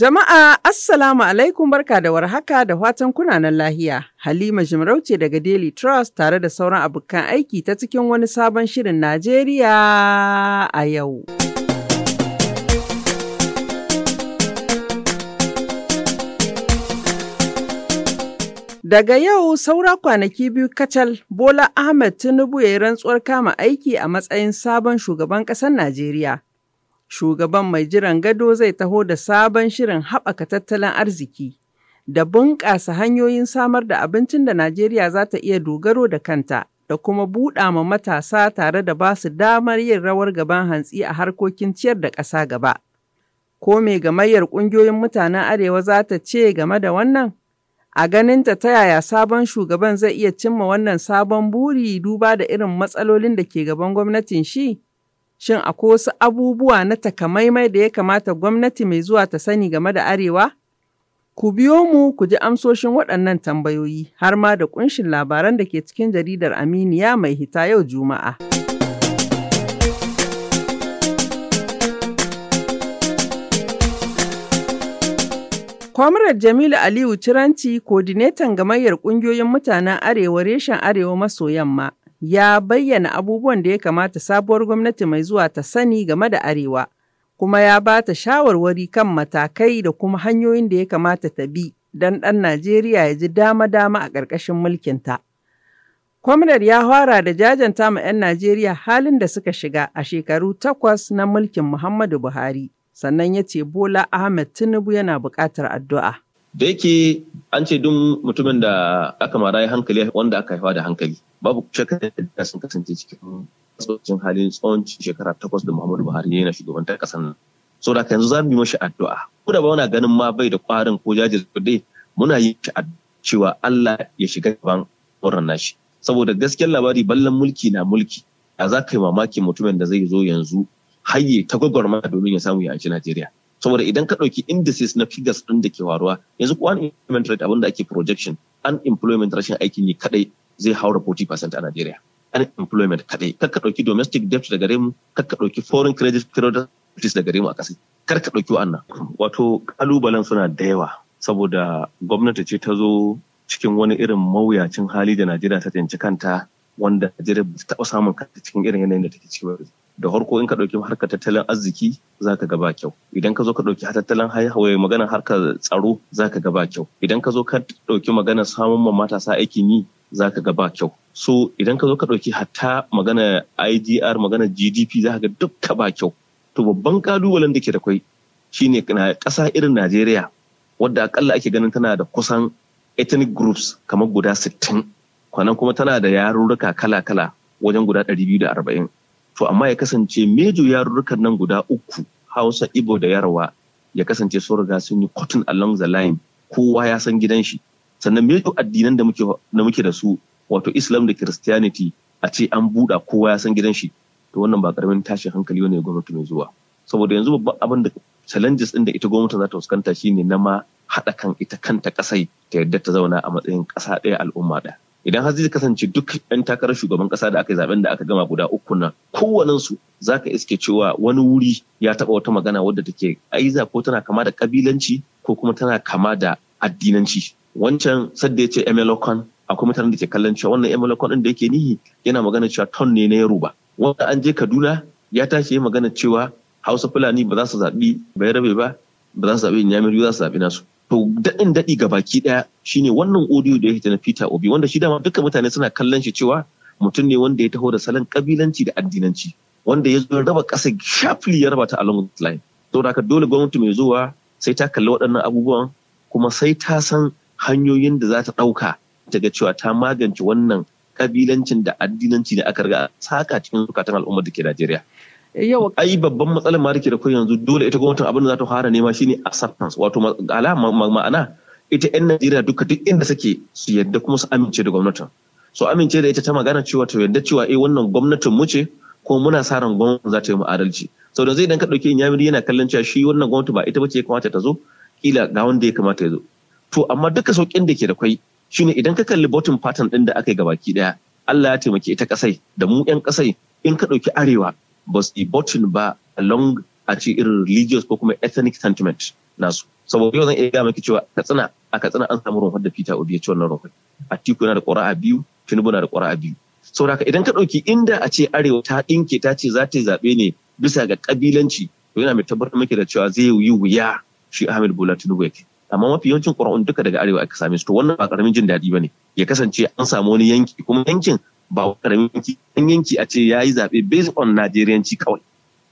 Jama'a Assalamu alaikum barka da warhaka da watan kunanan lahiya. Halima Jimarauce daga Daily Trust tare da sauran abokan aiki ta cikin wani sabon shirin Najeriya a yau. Daga yau saura kwanaki biyu kacal Bola Ahmed Tinubu ya yi rantsuwar kama aiki a matsayin sabon shugaban ƙasar Najeriya. Shugaban mai jiran gado zai taho da sabon shirin haɓaka tattalin arziki da bunƙasa hanyoyin samar da abincin da Najeriya za ta iya dogaro da kanta da kuma buɗa ma matasa tare da ba su damar yin rawar gaban hantsi a harkokin ciyar da ƙasa gaba. Ko me gamayyar ƙungiyoyin mutanen Arewa za ta ce game da wannan? A ganinta ta yaya sabon shugaban zai iya cimma wannan sabon buri duba da irin matsalolin da ke gaban gwamnatin shi? Shin akwai wasu abubuwa na takamaimai da ya kamata gwamnati mai zuwa ta sani game da Arewa? Ku biyo mu ku ji amsoshin waɗannan tambayoyi har ma da ƙunshin labaran da ke cikin jaridar Aminiya mai hita yau Juma'a. Kwamirar Jamilu Aliyu Ciranci, kodinetan gamayyar ƙungiyoyin mutanen Arewa reshen Arewa maso yamma, ya bayyana abubuwan da ya kamata sabuwar gwamnati mai zuwa ta sani game da Arewa, kuma ya ba ta shawarwari kan matakai da kuma hanyoyin da ya kamata ta bi don ɗan Najeriya ya ji dama-dama a ƙarƙashin mulkinta. Kwamnar ya fara da jajanta ma 'yan Najeriya halin da suka shiga a shekaru takwas na mulkin Muhammadu Buhari, sannan ya ce Bola Ahmed Tinubu yana buƙatar addu'a. da yake an ce duk mutumin da aka mara ya hankali wanda aka haifa da hankali babu shakka da sun kasance cikin tsohon halin tsawon shekara takwas da Muhammadu Buhari yana shugabantar kasar nan so da yanzu za mu yi mashi addu'a ko da ba muna ganin ma bai da kwarin ko jajirce dai muna yi shi cewa Allah ya shiga gaban wurin nashi saboda gaskiyar labari ballan mulki na mulki a za ka yi mamakin mutumin da zai zo yanzu hayye ta gwagwarmaya domin ya samu ya ci Najeriya saboda idan ka ɗauki indices na figures ɗin da ke waruwa yanzu unemployment rate abin da ake projection unemployment rashin aikin yi kadai zai haura 40% a Najeriya unemployment kadai kar ka ɗauki domestic debt daga gare mu kar ka ɗauki foreign credit credit daga gare mu a ƙasa kar ka ɗauki wannan wato kalubalen suna da yawa saboda gwamnati ce ta zo cikin wani irin mawuyacin hali da Najeriya ta tsinci kanta wanda Najeriya ba ta taɓa samun kanta cikin irin yanayin da take ciki ba da harko in ka ɗauki harkar tattalin arziki za ka gaba kyau idan ka zo ka ɗauki tattalin hawaye maganar harkar tsaro za ka gaba kyau idan ka zo ka ɗauki maganar samun ma matasa aikin yi za ka gaba kyau so idan ka zo ka ɗauki hatta magana idr magana gdp za ka ga dukka ba kyau to babban kalubalen da ke da kwai shine ƙasa irin najeriya wadda akalla ake ganin tana da kusan ethnic groups kamar guda 60 kwanan kuma tana da yarurruka kala-kala wajen guda 240 to amma ya kasance mejo yarurrukan nan guda uku hausa ibo da yarawa, ya kasance sun riga sun yi cotton along the line kowa ya san gidan shi sannan mejo addinan da muke da su wato islam da christianity a ce an buɗa kowa ya san gidan shi to wannan ba karamin tashi hankali ne gwamnati mai zuwa saboda yanzu babban abin da challenges din da ita gwamnati za ta fuskanta shine na ma haɗa kan ita kanta ƙasai ta yadda ta zauna a matsayin ƙasa ɗaya al'umma ɗaya idan har zai kasance duk yan takarar shugaban kasa da aka yi zaben da aka gama guda uku nan kowane su zaka iske cewa wani wuri ya taba wata magana wadda take aiza ko tana kama da kabilanci ko kuma tana kama da addinanci wancan sadda ya ce emelokon akwai mutanen da ke kallon cewa wannan emelokon din da yake nihi yana magana cewa ton ne na yoruba wanda an je kaduna ya tashi yi magana cewa hausa fulani ba za su zaɓi bayarabe ba ba za su zaɓi nyamiru za su zaɓi nasu to daɗin daɗi ga baki ɗaya shine wannan audio da ya hita na Peter Obi wanda shi dama dukkan mutane suna kallon shi cewa mutum ne wanda ya taho da salon kabilanci da addinanci wanda ya zo raba ƙasa sharply ya raba ta a long line to haka dole gwamnati mai zuwa sai ta kalli waɗannan abubuwan kuma sai ta san hanyoyin da za ta ɗauka ta ga cewa ta magance wannan kabilancin da addinanci da aka riga saka cikin zukatan al'ummar da ke Najeriya. yawa ai babban matsalar ma da kai yanzu dole ita gwamnatin abin da za ta fara nema shine acceptance wato alama ma'ana ita yan Najeriya duka duk inda suke su yadda kuma su amince da gwamnatin su amince da ita ta magana cewa ta yadda cewa eh wannan gwamnatin mu ce ko muna sa ran gwamnati za ta yi mu adalci sau da zai dan ka dauke yamiri yana kallon cewa shi wannan gwamnati ba ita bace ya kamata ta zo kila ga wanda ya kamata ya zo to amma duka saukin da ke da kwai shine idan ka kalli bottom fatan din da aka yi gabaki daya Allah ya taimake ita kasai da mu yan kasai in ka dauki arewa ba su botun ba along a ce irin religious ko kuma ethnic sentiment nasu saboda yau zan iya gama maki cewa katsina a katsina an samu rumfar da peter obi ya ci wannan rumfar atiku yana da ƙura'a biyu tinubu na da ƙura'a biyu saboda haka idan ka ɗauki inda a ce arewa ta ɗinke ta ce za ta yi zaɓe ne bisa ga ƙabilanci to yana mai tabbatar maki da cewa zai yi wuya shi ahmed bola tinubu yake amma mafi yawancin ƙura'un duka daga arewa aka same su to wannan ba ƙaramin jin daɗi ba ne ya kasance an samu wani yanki kuma yankin ba karamin yanki a ce ya yi zaɓe based on Najeriyanci kawai.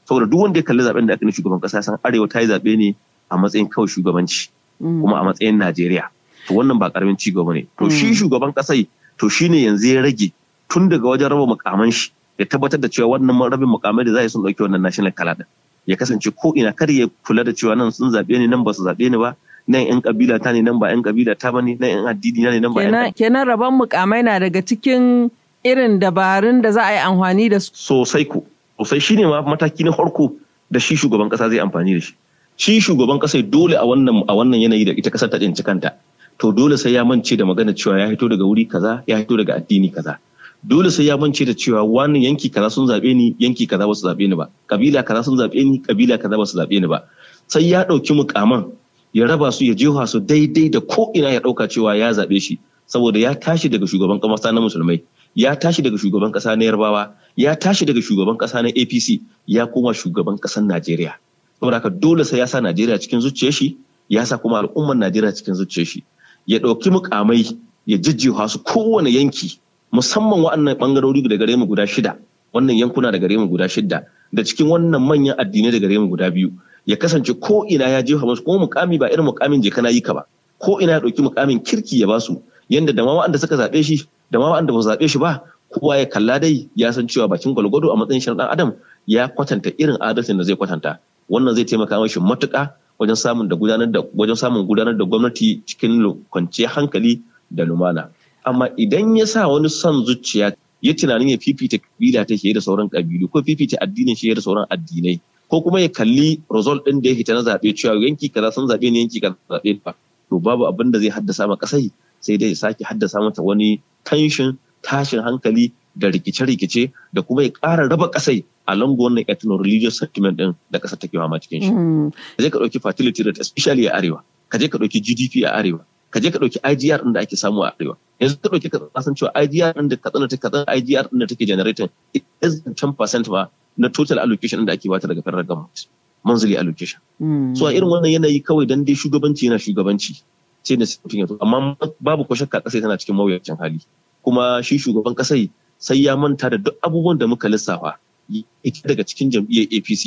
Saboda duk wanda ya kalli zaɓen da aka na shugaban ƙasa san Arewa ta yi zaɓe ne a matsayin kawai shugabanci mm. kuma a matsayin Najeriya. To wannan ba karamin ci gaba ne. To shi mm. shugaban ƙasai to shi ne yanzu ya rage tun daga wajen raba mukaman shi ya tabbatar da cewa wannan rabin mukamai da za a sun ɗauki wannan national kala Ya kasance ko ina kar ya kula da cewa nan sun zaɓe ne nan ba su zaɓe ne ba nan yan kabila ta ne nan ba yan kabila ta ba ne nan yan addini ne nan ba yan kenan rabon mukamai na daga cikin irin dabarun da za a yi amfani da su. Sosai ku, sosai shine ma mataki na farko da shi shugaban kasa zai amfani da shi. Shi shugaban kasa dole a wannan a wannan yanayi da ita kasar ta tsinci kanta. To dole sai ya mance da magana cewa ya fito daga wuri kaza, ya fito daga addini kaza. Dole sai ya mance da cewa wani yanki kaza sun zaɓe ni, yanki kaza ba su zaɓe ni ba. Kabila kaza sun zaɓe ni, kabila kaza ba su zaɓe ni ba. Sai ya ɗauki mukaman ya raba su ya jefa su daidai da ko ina ya ɗauka cewa ya zaɓe shi. saboda ya tashi daga shugaban kamasa na musulmai ya tashi daga shugaban kasa na yarbawa ya tashi daga shugaban kasa na apc ya koma shugaban kasar najeriya saboda haka dole sai ya sa najeriya cikin zuciyar shi ya sa kuma al'ummar najeriya cikin zuciyar shi ya ɗauki mukamai ya jijjiwa su kowane yanki musamman waɗannan ɓangarori da gare mu guda shida wannan yankuna da gare mu guda shida da cikin wannan manyan addinai da gare mu guda biyu ya kasance ko ina ya jefa musu ko mukami ba irin mukamin je kana yi ka ba ko ina ya ɗauki mukamin kirki ya basu yanda da ma waɗanda suka zaɓe shi da ma wanda ba zaɓe shi ba kowa ya kalla dai ya san cewa bakin gwalgwado a matsayin shi dan adam ya kwatanta irin adalcin da zai kwatanta wannan zai taimaka mashi matuƙa wajen samun da gudanar da wajen samun gudanar da gwamnati cikin kwanciyar hankali da lumana amma idan ya sa wani son zuciya ya tunanin ya fifita kabila ta da sauran kabilu ko fifita addinin shi da sauran addinai ko kuma ya kalli result din da ya fita na zaɓe cewa yanki kaza sun zaɓe ne yanki kaza zaɓe ba to babu abin da zai haddasa ma kasai sai dai ya sake haddasa mata wani tension tashin hankali da rikice-rikice da kuma ya ƙara raba ƙasai a lango wannan ethno-religious sentiment ɗin da ƙasar take ma cikin shi. Mm. Ka je ka dauki fertility rate especially a arewa, ka je ka dauki GDP a arewa, ka je ka dauki IGR din da ake samu a arewa. Yanzu ka dauki ka san cewa IGR din da ka tsana tsana IGR din da take generating is 10% ba na total allocation ɗin da ake bata daga federal government. Monthly allocation. Mm. So a irin wannan yanayi kawai dan dai shugabanci yana shugabanci. sai da sifin fiye amma babu ko shakka kasai tana cikin mawuyacin hali kuma shi shugaban kasai sai ya manta da duk abubuwan da muka lissafa ya hita daga cikin jam'iyyar APC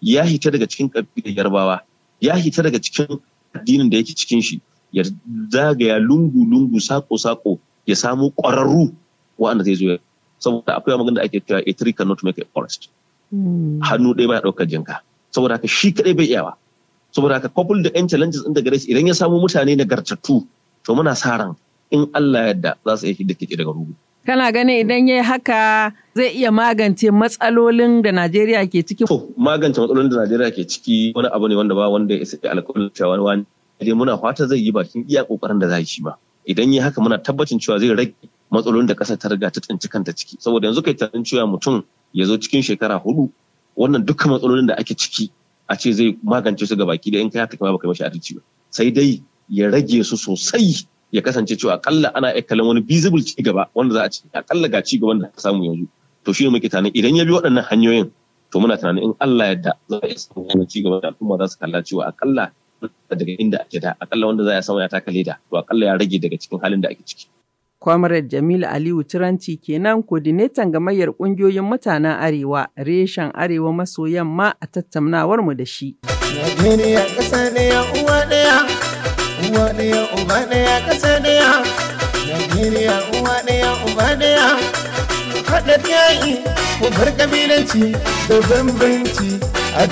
ya hita daga cikin kabilar Yarbawa ya hita daga cikin addinin da yake cikin shi ya zagaya lungu lungu sako sako ya samu ƙwararru wa'anda zai zo saboda akwai magana da ake cewa a tree cannot make a forest hmm. hannu ɗaya ba ya ɗaukar jinka saboda haka shi kaɗai bai yawa. saboda haka couple da yan challenges ɗin da gare idan ya samu mutane nagartattu to muna sa ran in Allah yadda za su iya shi ke daga rubu kana ganin idan ya haka zai iya magance matsalolin da Najeriya ke ciki to magance matsalolin da Najeriya ke ciki wani abu ne wanda ba wanda ya sai alƙawarin cewa wani dai muna fata zai yi bakin iya kokarin da zai shi ba idan ya haka muna tabbacin cewa zai rage matsalolin da ƙasa ta riga ta tsinci kanta ciki saboda yanzu kai tunanin cewa mutum ya zo cikin shekara hudu wannan dukkan matsalolin da ake ciki a ce zai magance su ga baki da in kai haka kuma baka mashi adalci ba sai dai ya rage su sosai ya kasance cewa akalla ana iya kallon wani visible ci gaba wanda za a ce akalla ga ci gaban da ka samu yanzu to shi muke tunanin idan ya bi waɗannan hanyoyin to muna tunanin in Allah ya da za a iya wani ci gaba da al'umma za su kalla cewa akalla daga inda ake da akalla wanda za a samu ya taka leda to akalla ya rage daga cikin halin da ake ciki Comrade Jamilu Aliyu Turanci kenan kodinetan gamayyar ƙungiyoyin mutanen Arewa reshen Arewa maso yamma a tattaunawar mu da shi. Najeriya ƙasa mu da bambanci a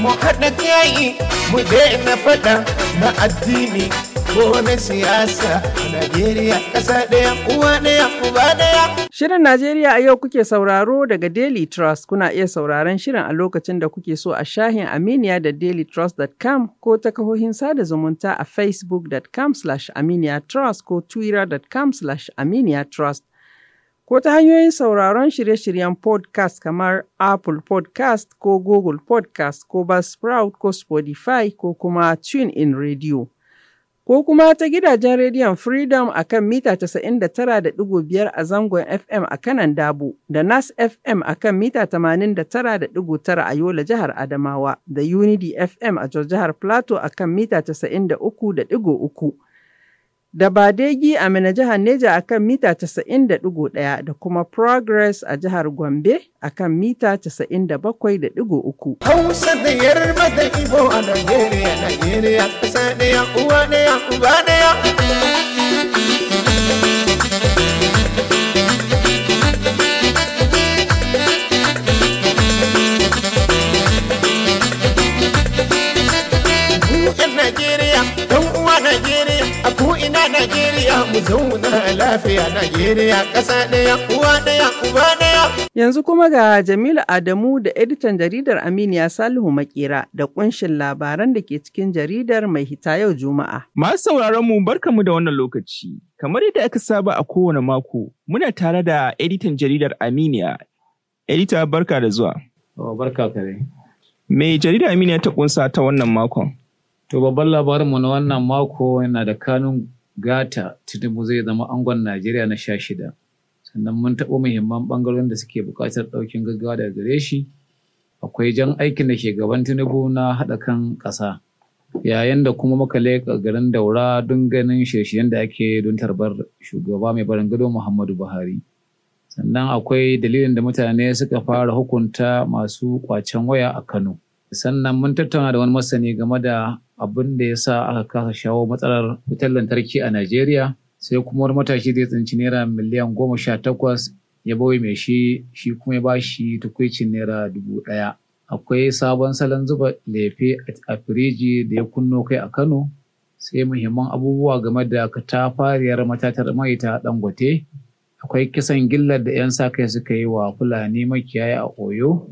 Mu haɗa kiyayi, mu daina faɗa na addini Najeriya Shirin Najeriya a yau kuke sauraro daga Daily Trust kuna iya sauraron shirin a lokacin da kuke so a shahin Aminiya da dailytrust.com ko ta kahohin sada zumunta a facebook.com slash aminiya trust ko twitter.com slash aminiya trust. ko ta hanyoyin sauraron shirye-shiryen podcast kamar Apple podcast ko Google podcast ko Buzzsprout ko Spotify ko kuma TuneIn Radio. ko kuma ta gidajen rediyon Freedom a kan mita 99.5 a zangon FM a kanan Dabo, da Nas FM a kan mita 89.9 a Yola jihar Adamawa, da Unity FM a jihar Plateau a kan mita 93.3. da Badegi a Mina jihar Neja a kan mita 90.1 da kuma Progress a jihar Gombe a kan mita 97.3. Hausa da Yarba da Ibo a Najeriya, Najeriya, ƙasa ɗaya, uwa ɗaya, uba ɗaya. Najeriya mu zauna lafiya Najeriya ƙasa ɗaya uwa ɗaya uba ɗaya. Yanzu kuma ga Jamilu Adamu da editan jaridar Aminiya Salihu Makera da kunshin labaran da ke cikin jaridar mai hita yau Juma'a. Masu sauraron mu barkamu da wannan lokaci. Kamar yadda aka saba a kowane mako, muna tare da editan jaridar Aminiya. Edita barka da zuwa. Oh, barka kare. Mai jaridar Aminiya ta kunsa ta wannan makon? To babban labarinmu na wannan mako yana da kanun gata tinubu zai zama angon najeriya na sha shida sannan mun taɓa muhimman ɓangarorin da suke buƙatar ɗaukin gaggawa daga gare shi akwai jan aikin da ke gaban tinubu na haɗa kan ƙasa yayin da kuma muka leƙa garin daura don ganin shirye-shiryen da ake don tarbar shugaba mai barin gado muhammadu buhari sannan akwai dalilin da mutane suka fara hukunta masu kwacen waya a kano sannan mun tattauna da wani masani game da abin da ya sa aka kasa shawo matsalar wutar lantarki a Najeriya sai kuma wani matashi zai tsinci naira miliyan goma sha takwas ya bawai mai shi shi kuma ya ba shi tukwicin naira dubu ɗaya. Akwai sabon salon zuba lefe a firiji da ya kunno kai a Kano sai muhimman abubuwa game da katafariyar matatar mai ta Dangote. Akwai kisan gillar da 'yan sa kai suka yi wa Fulani makiyaya a Oyo.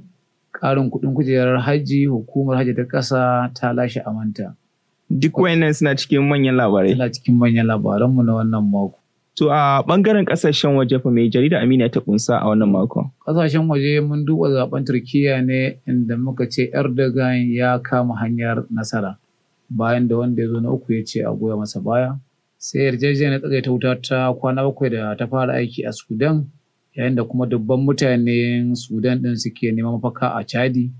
ƙarin kuɗin kujerar hajji hukumar hajji ta ƙasa ta lashe amanta. Duk wayannan suna cikin manyan labarai. Suna cikin manyan labaranmu na wannan mako. To a ɓangaren ƙasashen waje fa mai jarida Amina ta kunsa a wannan mako? Ƙasashen waje mun duba zaben Turkiyya ne inda muka ce Erdogan ya kama hanyar nasara. Bayan da wanda ya zo na uku ya ce a goya masa baya. Sai yarjejeniyar tsagaita wuta ta kwana bakwai da ta fara aiki a Sudan yayin da kuma dubban mutanen sudan ɗin suke neman mafaka a chadi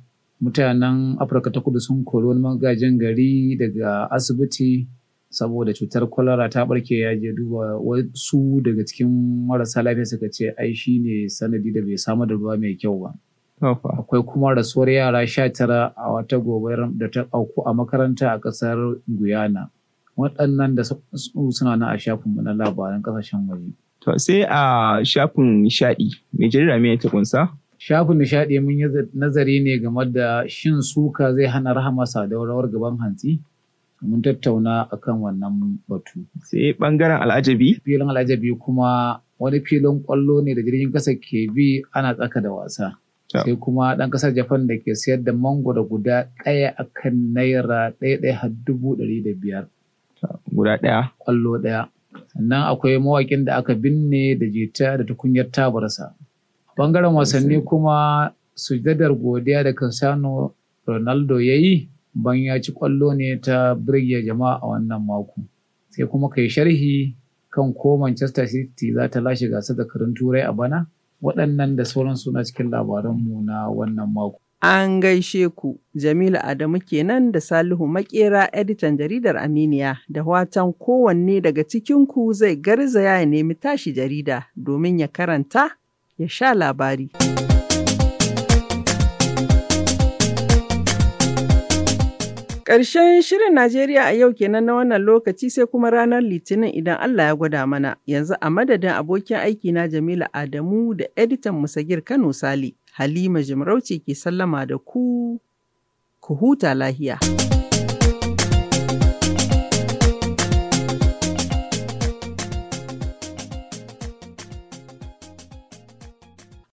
mutanen afirka ta kudu sun kori wani magajin gari daga asibiti saboda cutar kwalara ta barke ya je duba wasu daga cikin marasa lafiya suka ce ai shi ne sanadi da bai samu da ruwa mai kyau ba akwai kuma rasuwar yara sha tara a wata gobayar da ta auku a makaranta a ƙasar guyana waɗannan da suna na a shafinmu na labaran ƙasashen waje To sai a shafin nishaɗi, mai jarida me ta kunsa? Shafin nishaɗi mun yi nazari ne game da shin suka zai hana rahama rawar gaban hantsi? Mun tattauna akan wannan batu. Sai ɓangaren al'ajabi? Filin al'ajabi kuma wani filin ƙwallo ne da jirgin ƙasa ke bi ana tsaka da wasa. Sai kuma ɗan ƙasar Japan da ke sayar da mangoro guda ɗaya akan naira ɗaya ɗaya har dubu ɗari da biyar. Guda ɗaya? Ƙwallo ɗaya. sannan akwai mawaƙin da aka binne da jita da tukunyar tabarsa ɓangaren wasanni kuma sujadar godiya da Cristiano Ronaldo ya yi ban ya ci ƙwallo ne ta birge jama'a a wannan mako sai kuma kai sharhi kan ko Manchester City za ta lashe gasar zakarun turai a bana waɗannan da sauran suna cikin labaranmu na wannan mako. An gaishe ku, Jamilu Adamu kenan da Salihu Makera editan jaridar Aminiya, da watan kowanne daga cikinku zai garzaya ya nemi tashi jarida domin ya karanta ya sha labari. Ƙarshen shirin Najeriya a yau kenan na wannan lokaci sai kuma ranar Litinin idan Allah ya gwada mana. Yanzu a madadin abokin aiki na Jamilu Adamu da editan Musagir Kano Sali. Halima Jimarauce ke sallama da ku, ku huta lahiya.